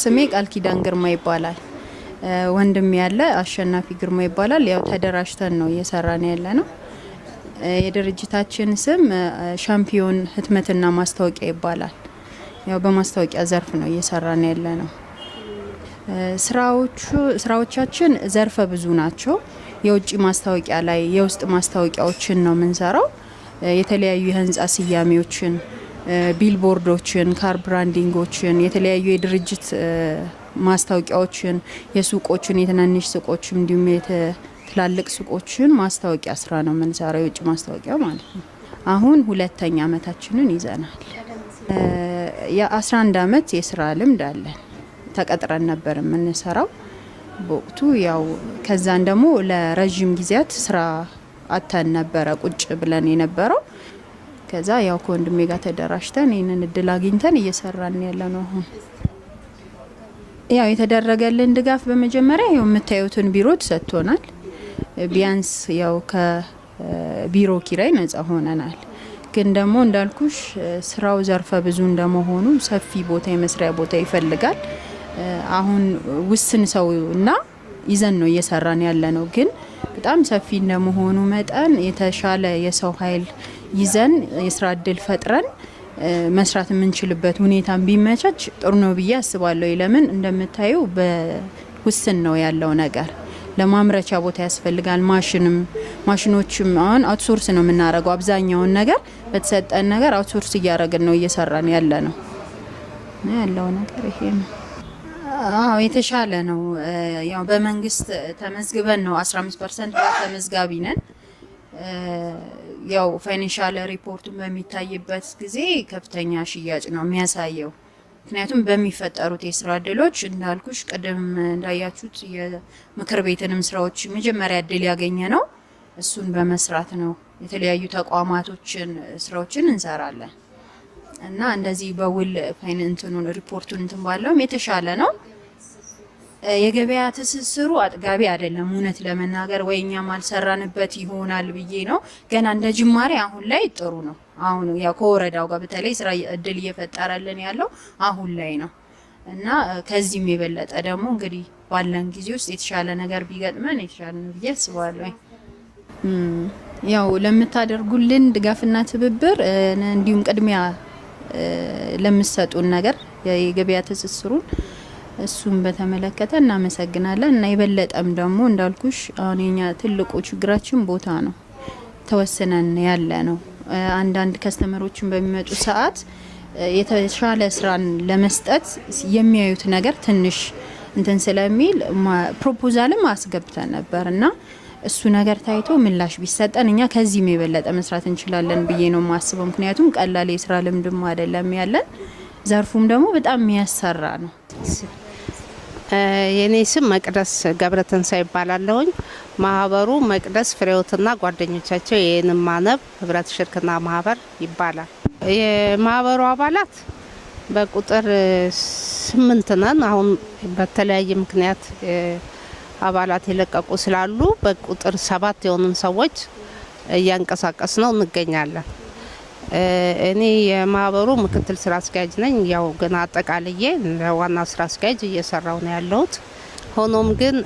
ስሜ ቃል ኪዳን ግርማ ይባላል። ወንድም ያለ አሸናፊ ግርማ ይባላል። ያው ተደራጅተን ነው እየሰራን ያለ ነው። የድርጅታችን ስም ሻምፒዮን ህትመትና ማስታወቂያ ይባላል። ያው በማስታወቂያ ዘርፍ ነው እየሰራን ያለ ነው። ስራዎቹ ስራዎቻችን ዘርፈ ብዙ ናቸው። የውጭ ማስታወቂያ ላይ የውስጥ ማስታወቂያዎችን ነው የምንሰራው። የተለያዩ የህንፃ ስያሜዎችን ቢልቦርዶችን፣ ካር ብራንዲንጎችን፣ የተለያዩ የድርጅት ማስታወቂያዎችን፣ የሱቆችን፣ የትናንሽ ሱቆችን እንዲሁም ትላልቅ ሱቆችን ማስታወቂያ ስራ ነው የምንሰራው፣ የውጭ ማስታወቂያ ማለት ነው። አሁን ሁለተኛ አመታችንን ይዘናል። የ11 አመት የስራ ልምድ አለን። ተቀጥረን ነበር የምንሰራው በወቅቱ ያው ከዛን ደግሞ ለረዥም ጊዜያት ስራ አተን ነበረ ቁጭ ብለን የነበረው ከዛ ያው ከወንድሜ ጋር ተደራጅተን ይህንን እድል አግኝተን እየሰራን ያለ ነው አሁን ያው የተደረገልን ድጋፍ በመጀመሪያ ያው የምታዩትን ቢሮ ተሰጥቶናል። ቢያንስ ያው ከቢሮ ኪራይ ነጻ ሆነናል። ግን ደግሞ እንዳልኩሽ ስራው ዘርፈ ብዙ እንደመሆኑ ሰፊ ቦታ የመስሪያ ቦታ ይፈልጋል። አሁን ውስን ሰው እና ይዘን ነው እየሰራን ያለ ነው። ግን በጣም ሰፊ እንደመሆኑ መጠን የተሻለ የሰው ኃይል ይዘን የስራ እድል ፈጥረን መስራት የምንችልበት ሁኔታን ቢመቻች ጥሩ ነው ብዬ አስባለሁ። ለምን እንደምታዩ በውስን ነው ያለው ነገር ለማምረቻ ቦታ ያስፈልጋል። ማሽንም ማሽኖችም አሁን አውትሶርስ ነው የምናደርገው። አብዛኛውን ነገር በተሰጠን ነገር አውትሶርስ እያደረግን ነው እየሰራን ያለ ነው ያለው ነገር ይሄ ነው። አዎ የተሻለ ነው። ያው በመንግስት ተመዝግበን ነው 15 ፐርሰንት ተመዝጋቢ ነን። ያው ፋይናንሻል ሪፖርቱን በሚታይበት ጊዜ ከፍተኛ ሽያጭ ነው የሚያሳየው። ምክንያቱም በሚፈጠሩት የስራ እድሎች እንዳልኩሽ ቅድም እንዳያችሁት የምክር ቤትንም ስራዎች መጀመሪያ እድል ያገኘ ነው። እሱን በመስራት ነው የተለያዩ ተቋማቶችን ስራዎችን እንሰራለን እና እንደዚህ በውል ፋይን እንትኑን ሪፖርቱን እንትን ባለውም የተሻለ ነው። የገበያ ትስስሩ አጥጋቢ አይደለም። እውነት ለመናገር ወይ እኛም አልሰራንበት ይሆናል ብዬ ነው። ገና እንደ ጅማሬ አሁን ላይ ጥሩ ነው። አሁን ያው ከወረዳው ጋር በተለይ ስራ እድል እየፈጠረልን ያለው አሁን ላይ ነው እና ከዚህም የበለጠ ደግሞ እንግዲህ ባለን ጊዜ ውስጥ የተሻለ ነገር ቢገጥመን የተሻለ ነው ብዬ አስባለሁ። ያው ለምታደርጉልን ድጋፍና ትብብር እንዲሁም ቅድሚያ ለምሰጡን ነገር የገበያ ትስስሩን እሱን በተመለከተ እናመሰግናለን እና የበለጠም ደግሞ እንዳልኩሽ አሁን የኛ ትልቁ ችግራችን ቦታ ነው፣ ተወስነን ያለ ነው። አንዳንድ ከስተመሮችን በሚመጡ ሰዓት የተሻለ ስራን ለመስጠት የሚያዩት ነገር ትንሽ እንትን ስለሚል ፕሮፖዛልም አስገብተን ነበር እና እሱ ነገር ታይቶ ምላሽ ቢሰጠን እኛ ከዚህም የበለጠ መስራት እንችላለን ብዬ ነው የማስበው። ምክንያቱም ቀላል የስራ ልምድም አይደለም ያለን፣ ዘርፉም ደግሞ በጣም የሚያሰራ ነው። የኔ ስም መቅደስ ገብረተንሳይ ይባላለሁኝ። ማህበሩ መቅደስ ፍሬዎትና ጓደኞቻቸው የእኔን ማነብ ህብረት ሽርክና ማህበር ይባላል። የማህበሩ አባላት በቁጥር ስምንት ነን። አሁን በተለያየ ምክንያት አባላት የለቀቁ ስላሉ በቁጥር ሰባት የሆኑን ሰዎች እያንቀሳቀስ ነው እንገኛለን። እኔ የማህበሩ ምክትል ስራ አስኪያጅ ነኝ። ያው ግን አጠቃልዬ ዋና ስራ አስኪያጅ እየሰራው ነው ያለሁት። ሆኖም ግን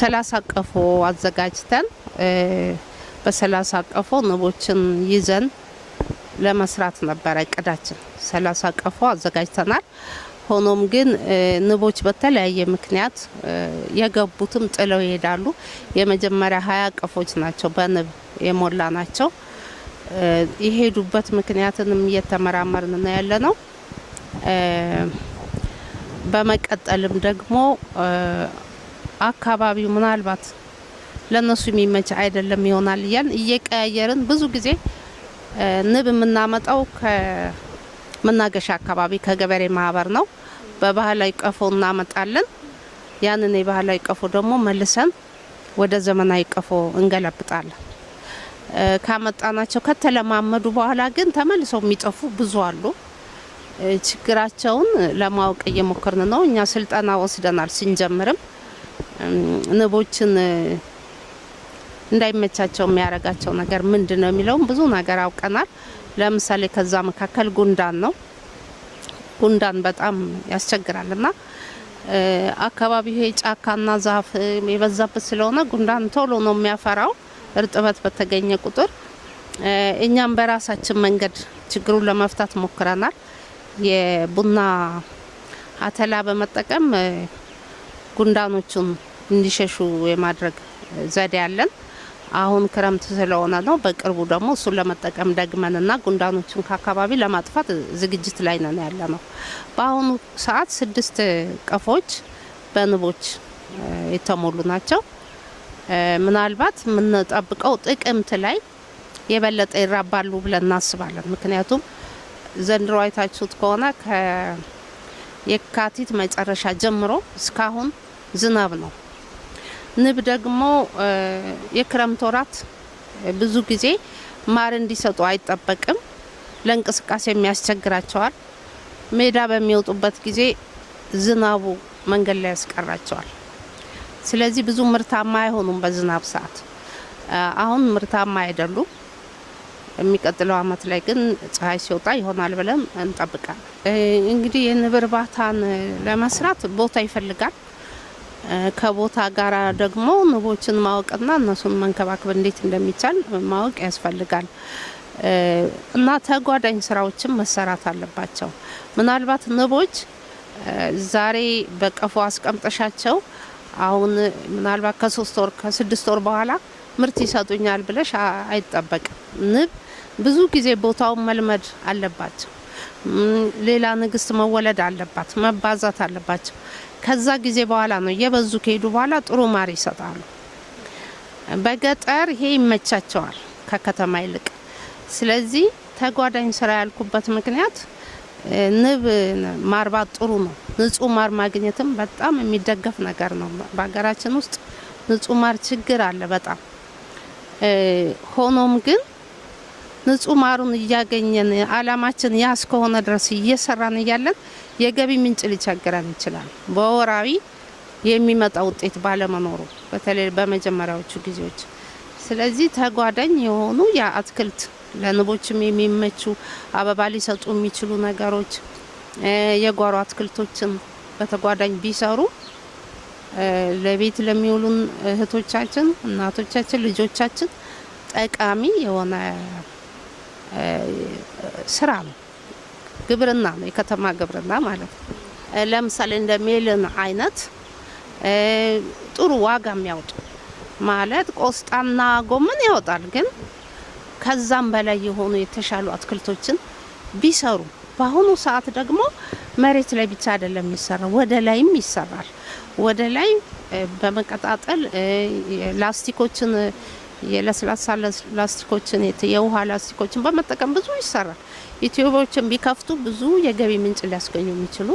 ሰላሳ ቀፎ አዘጋጅተን በሰላሳ ቀፎ ንቦችን ይዘን ለመስራት ነበረ እቅዳችን። ሰላሳ ቀፎ አዘጋጅተናል። ሆኖም ግን ንቦች በተለያየ ምክንያት የገቡትም ጥለው ይሄዳሉ። የመጀመሪያ ሀያ ቀፎች ናቸው በንብ የሞላ ናቸው። የሄዱበት ምክንያትንም እየተመራመርን ነው ያለ ነው። በመቀጠልም ደግሞ አካባቢው ምናልባት ለነሱ የሚመች አይደለም ይሆናል እያልን እየቀያየርን ብዙ ጊዜ ንብ የምናመጣው ከመናገሻ አካባቢ ከገበሬ ማህበር ነው። በባህላዊ ቀፎ እናመጣለን። ያንን የባህላዊ ቀፎ ደግሞ መልሰን ወደ ዘመናዊ ቀፎ እንገለብጣለን። ካመጣናቸው ከተለማመዱ በኋላ ግን ተመልሰው የሚጠፉ ብዙ አሉ። ችግራቸውን ለማወቅ እየሞከርን ነው። እኛ ስልጠና ወስደናል። ስንጀምርም ንቦችን እንዳይመቻቸው የሚያደርጋቸው ነገር ምንድን ነው የሚለውም ብዙ ነገር አውቀናል። ለምሳሌ ከዛ መካከል ጉንዳን ነው። ጉንዳን በጣም ያስቸግራል እና አካባቢው ጫካና ዛፍ የበዛበት ስለሆነ ጉንዳን ቶሎ ነው የሚያፈራው። እርጥበት በተገኘ ቁጥር እኛም በራሳችን መንገድ ችግሩን ለመፍታት ሞክረናል። የቡና አተላ በመጠቀም ጉንዳኖቹን እንዲሸሹ የማድረግ ዘዴ አለን። አሁን ክረምት ስለሆነ ነው። በቅርቡ ደግሞ እሱን ለመጠቀም ደግመንና ጉንዳኖቹን ከአካባቢ ለማጥፋት ዝግጅት ላይ ነን ያለ ነው። በአሁኑ ሰዓት ስድስት ቀፎዎች በንቦች የተሞሉ ናቸው። ምናልባት የምንጠብቀው ጥቅምት ላይ የበለጠ ይራባሉ ብለን እናስባለን። ምክንያቱም ዘንድሮ አይታችሁት ከሆነ ከየካቲት መጨረሻ ጀምሮ እስካሁን ዝናብ ነው። ንብ ደግሞ የክረምት ወራት ብዙ ጊዜ ማር እንዲሰጡ አይጠበቅም። ለእንቅስቃሴ የሚያስቸግራቸዋል። ሜዳ በሚወጡበት ጊዜ ዝናቡ መንገድ ላይ ያስቀራቸዋል። ስለዚህ ብዙ ምርታማ አይሆኑም በዝናብ ሰዓት። አሁን ምርታማ አይደሉም። የሚቀጥለው አመት ላይ ግን ፀሐይ ሲወጣ ይሆናል ብለን እንጠብቃለን። እንግዲህ የንብ እርባታን ለመስራት ቦታ ይፈልጋል። ከቦታ ጋር ደግሞ ንቦችን ማወቅና እነሱን መንከባከብ እንዴት እንደሚቻል ማወቅ ያስፈልጋል እና ተጓዳኝ ስራዎችም መሰራት አለባቸው። ምናልባት ንቦች ዛሬ በቀፎ አስቀምጠሻቸው አሁን ምናልባት ከሶስት ወር ከስድስት ወር በኋላ ምርት ይሰጡኛል ብለሽ አይጠበቅም። ንብ ብዙ ጊዜ ቦታውን መልመድ አለባቸው። ሌላ ንግስት መወለድ አለባት፣ መባዛት አለባቸው። ከዛ ጊዜ በኋላ ነው እየበዙ ከሄዱ በኋላ ጥሩ ማር ይሰጣሉ። በገጠር ይሄ ይመቻቸዋል ከከተማ ይልቅ። ስለዚህ ተጓዳኝ ስራ ያልኩበት ምክንያት ንብ ማርባት ጥሩ ነው። ንጹህ ማር ማግኘትም በጣም የሚደገፍ ነገር ነው። በሀገራችን ውስጥ ንጹህ ማር ችግር አለ በጣም ሆኖም ግን ንጹህ ማሩን እያገኘን አላማችን ያ እስከሆነ ድረስ እየሰራን እያለን የገቢ ምንጭ ሊቸግረን ይችላል። በወራዊ የሚመጣ ውጤት ባለመኖሩ በተለይ በመጀመሪያዎቹ ጊዜዎች። ስለዚህ ተጓዳኝ የሆኑ የአትክልት ለንቦችም የሚመቹ አበባ ሊሰጡ የሚችሉ ነገሮች የጓሮ አትክልቶችን በተጓዳኝ ቢሰሩ ለቤት ለሚውሉን እህቶቻችን፣ እናቶቻችን፣ ልጆቻችን ጠቃሚ የሆነ ስራ ነው። ግብርና ነው፣ የከተማ ግብርና ማለት ነው። ለምሳሌ እንደ ሜልን አይነት ጥሩ ዋጋ የሚያወጡ ማለት ቆስጣና ጎመን ያወጣል ግን ከዛም በላይ የሆኑ የተሻሉ አትክልቶችን ቢሰሩ። በአሁኑ ሰዓት ደግሞ መሬት ላይ ብቻ አይደለም የሚሰራ ወደ ላይም ይሰራል። ወደ ላይ በመቀጣጠል ላስቲኮችን፣ የለስላሳ ላስቲኮችን፣ የውሃ ላስቲኮችን በመጠቀም ብዙ ይሰራል። ኢትዮጵያዎችን ቢከፍቱ ብዙ የገቢ ምንጭ ሊያስገኙ የሚችሉ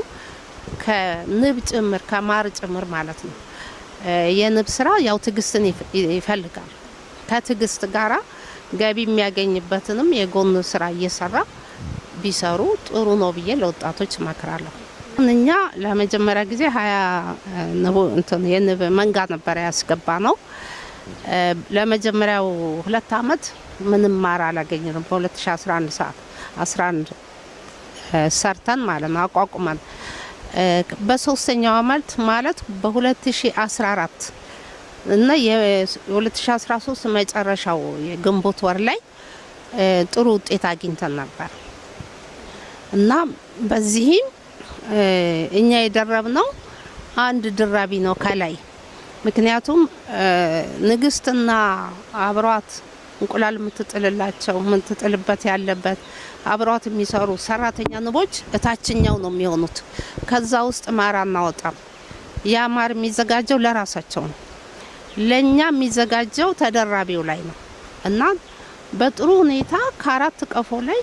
ከንብ ጭምር ከማር ጭምር ማለት ነው። የንብ ስራ ያው ትዕግስትን ይፈልጋል። ከትዕግስት ጋራ ገቢ የሚያገኝበትንም የጎን ስራ እየሰራ ቢሰሩ ጥሩ ነው ብዬ ለወጣቶች እመክራለሁ። እኛ ለመጀመሪያ ጊዜ ሀያ የንብ መንጋ ነበረ ያስገባ ነው። ለመጀመሪያው ሁለት አመት ምንም ማር አላገኘንም። በ2011 ሰዓት 11 ሰርተን ማለት ነው አቋቁመን በሶስተኛው አመት ማለት በ2014 እና የ2013 መጨረሻው የግንቦት ወር ላይ ጥሩ ውጤት አግኝተን ነበር እና በዚህም እኛ የደረብነው አንድ ድራቢ ነው ከላይ ምክንያቱም ንግስትና አብሯት እንቁላል የምትጥልላቸው የምትጥልበት ያለበት አብሯት የሚሰሩ ሰራተኛ ንቦች እታችኛው ነው የሚሆኑት። ከዛ ውስጥ ማር አናወጣም። ያ ማር የሚዘጋጀው ለራሳቸው ነው። ለእኛ የሚዘጋጀው ተደራቢው ላይ ነው እና በጥሩ ሁኔታ ከአራት ቀፎ ላይ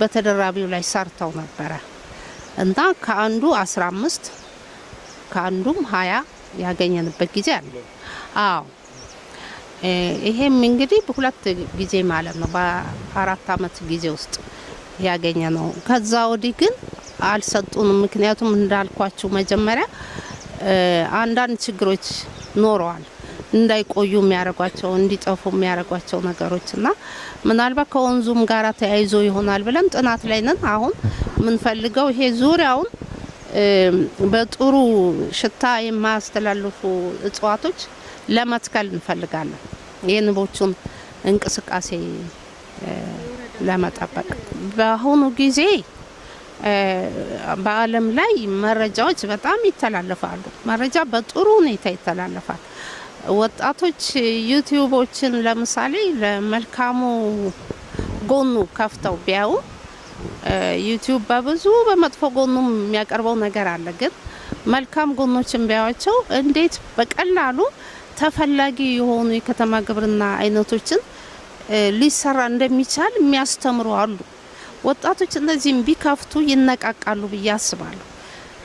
በተደራቢው ላይ ሰርተው ነበረ እና ከአንዱ 15 ከአንዱም 20 ያገኘንበት ጊዜ አለ። አዎ ይሄም እንግዲህ በሁለት ጊዜ ማለት ነው፣ በአራት አመት ጊዜ ውስጥ ያገኘ ነው። ከዛ ወዲህ ግን አልሰጡንም። ምክንያቱም እንዳልኳቸው መጀመሪያ አንዳንድ ችግሮች ኖረዋል። እንዳይቆዩ የሚያደርጓቸው እንዲጠፉ የሚያደርጓቸው ነገሮችና ምናልባት ከወንዙም ጋር ተያይዞ ይሆናል ብለን ጥናት ላይ ነን። አሁን የምንፈልገው ይሄ ዙሪያውን በጥሩ ሽታ የማያስተላልፉ እጽዋቶች ለመትከል እንፈልጋለን። የንቦቹን እንቅስቃሴ ለመጠበቅ በአሁኑ ጊዜ በዓለም ላይ መረጃዎች በጣም ይተላለፋሉ። መረጃ በጥሩ ሁኔታ ይተላለፋል። ወጣቶች ዩቲዩቦችን ለምሳሌ ለመልካሙ ጎኑ ከፍተው ቢያዩ ዩቲዩብ በብዙ በመጥፎ ጎኑ የሚያቀርበው ነገር አለ። ግን መልካም ጎኖችን ቢያዩዋቸው እንዴት በቀላሉ ተፈላጊ የሆኑ የከተማ ግብርና አይነቶችን ሊሰራ እንደሚቻል የሚያስተምሩ አሉ። ወጣቶች እነዚህም ቢከፍቱ ይነቃቃሉ ብዬ አስባለሁ።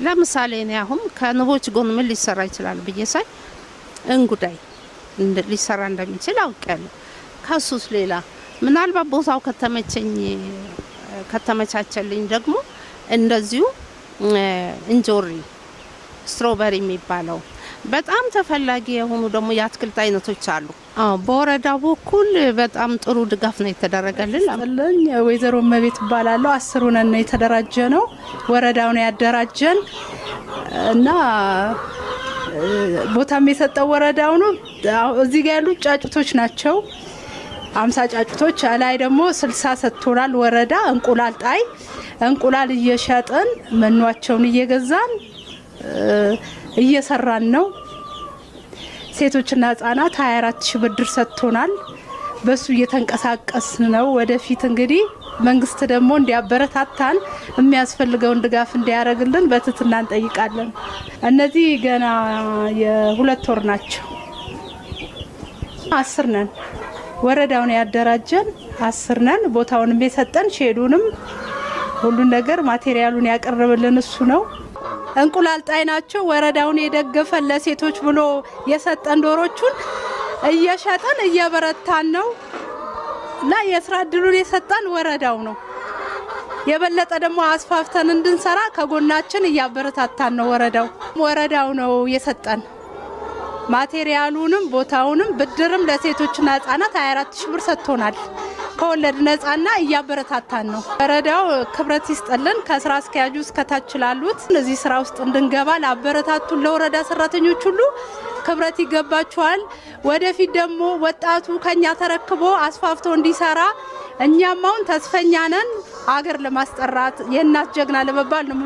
ለምሳሌ እኔ አሁን ከንቦች ጎን ምን ሊሰራ ይችላል ብዬ ሳይ እንጉዳይ ሊሰራ እንደሚችል አውቃለሁ። ከሱስ ሌላ ምናልባት ቦታው ከተመቸኝ ከተመቻቸልኝ ደግሞ እንደዚሁ እንጆሪ ስትሮበሪ የሚባለው በጣም ተፈላጊ የሆኑ ደግሞ የአትክልት አይነቶች አሉ። በወረዳ በኩል በጣም ጥሩ ድጋፍ ነው የተደረገልን። ወይዘሮ መቤት እባላለሁ። አስሩነን ነው የተደራጀ ነው ወረዳው ነው ያደራጀን እና ቦታም የሰጠው ወረዳው ነው። እዚህ ጋ ያሉት ጫጩቶች ናቸው። አምሳ ጫጩቶች ላይ ደግሞ ስልሳ ሰጥቶናል ወረዳ። እንቁላል ጣይ እንቁላል እየሸጥን መኗቸውን እየገዛን እየሰራን ነው። ሴቶችና ህጻናት 24 ብድር ሰጥቶናል። በሱ እየተንቀሳቀስ ነው። ወደፊት እንግዲህ መንግስት ደግሞ እንዲያበረታታን የሚያስፈልገውን ድጋፍ እንዲያደርግልን በትህትና እንጠይቃለን። እነዚህ ገና የሁለት ወር ናቸው። አስር ነን። ወረዳውን ያደራጀን አስር ነን። ቦታውንም የሰጠን ሼዱንም፣ ሁሉን ነገር ማቴሪያሉን ያቀረበልን እሱ ነው። እንቁላል ጣይ ናቸው። ወረዳውን የደገፈን ለሴቶች ብሎ የሰጠን ዶሮቹን እየሸጠን እየበረታን ነው። እና የስራ እድሉን የሰጠን ወረዳው ነው። የበለጠ ደግሞ አስፋፍተን እንድንሰራ ከጎናችን እያበረታታን ነው። ወረዳው ወረዳው ነው የሰጠን ማቴሪያሉንም ቦታውንም ብድርም ለሴቶችና ህጻናት 24 ሺ ብር ሰጥቶናል። ከወለድ ነጻና እያበረታታን ነው። ወረዳው ክብረት ይስጥልን። ከስራ አስኪያጁ እስከታች ላሉት እዚህ ስራ ውስጥ እንድንገባ ላበረታቱን ለወረዳ ሰራተኞች ሁሉ ክብረት ይገባቸዋል። ወደፊት ደግሞ ወጣቱ ከኛ ተረክቦ አስፋፍቶ እንዲሰራ እኛም አሁን ተስፈኛ ነን። አገር ለማስጠራት የእናት ጀግና ለመባል ነው።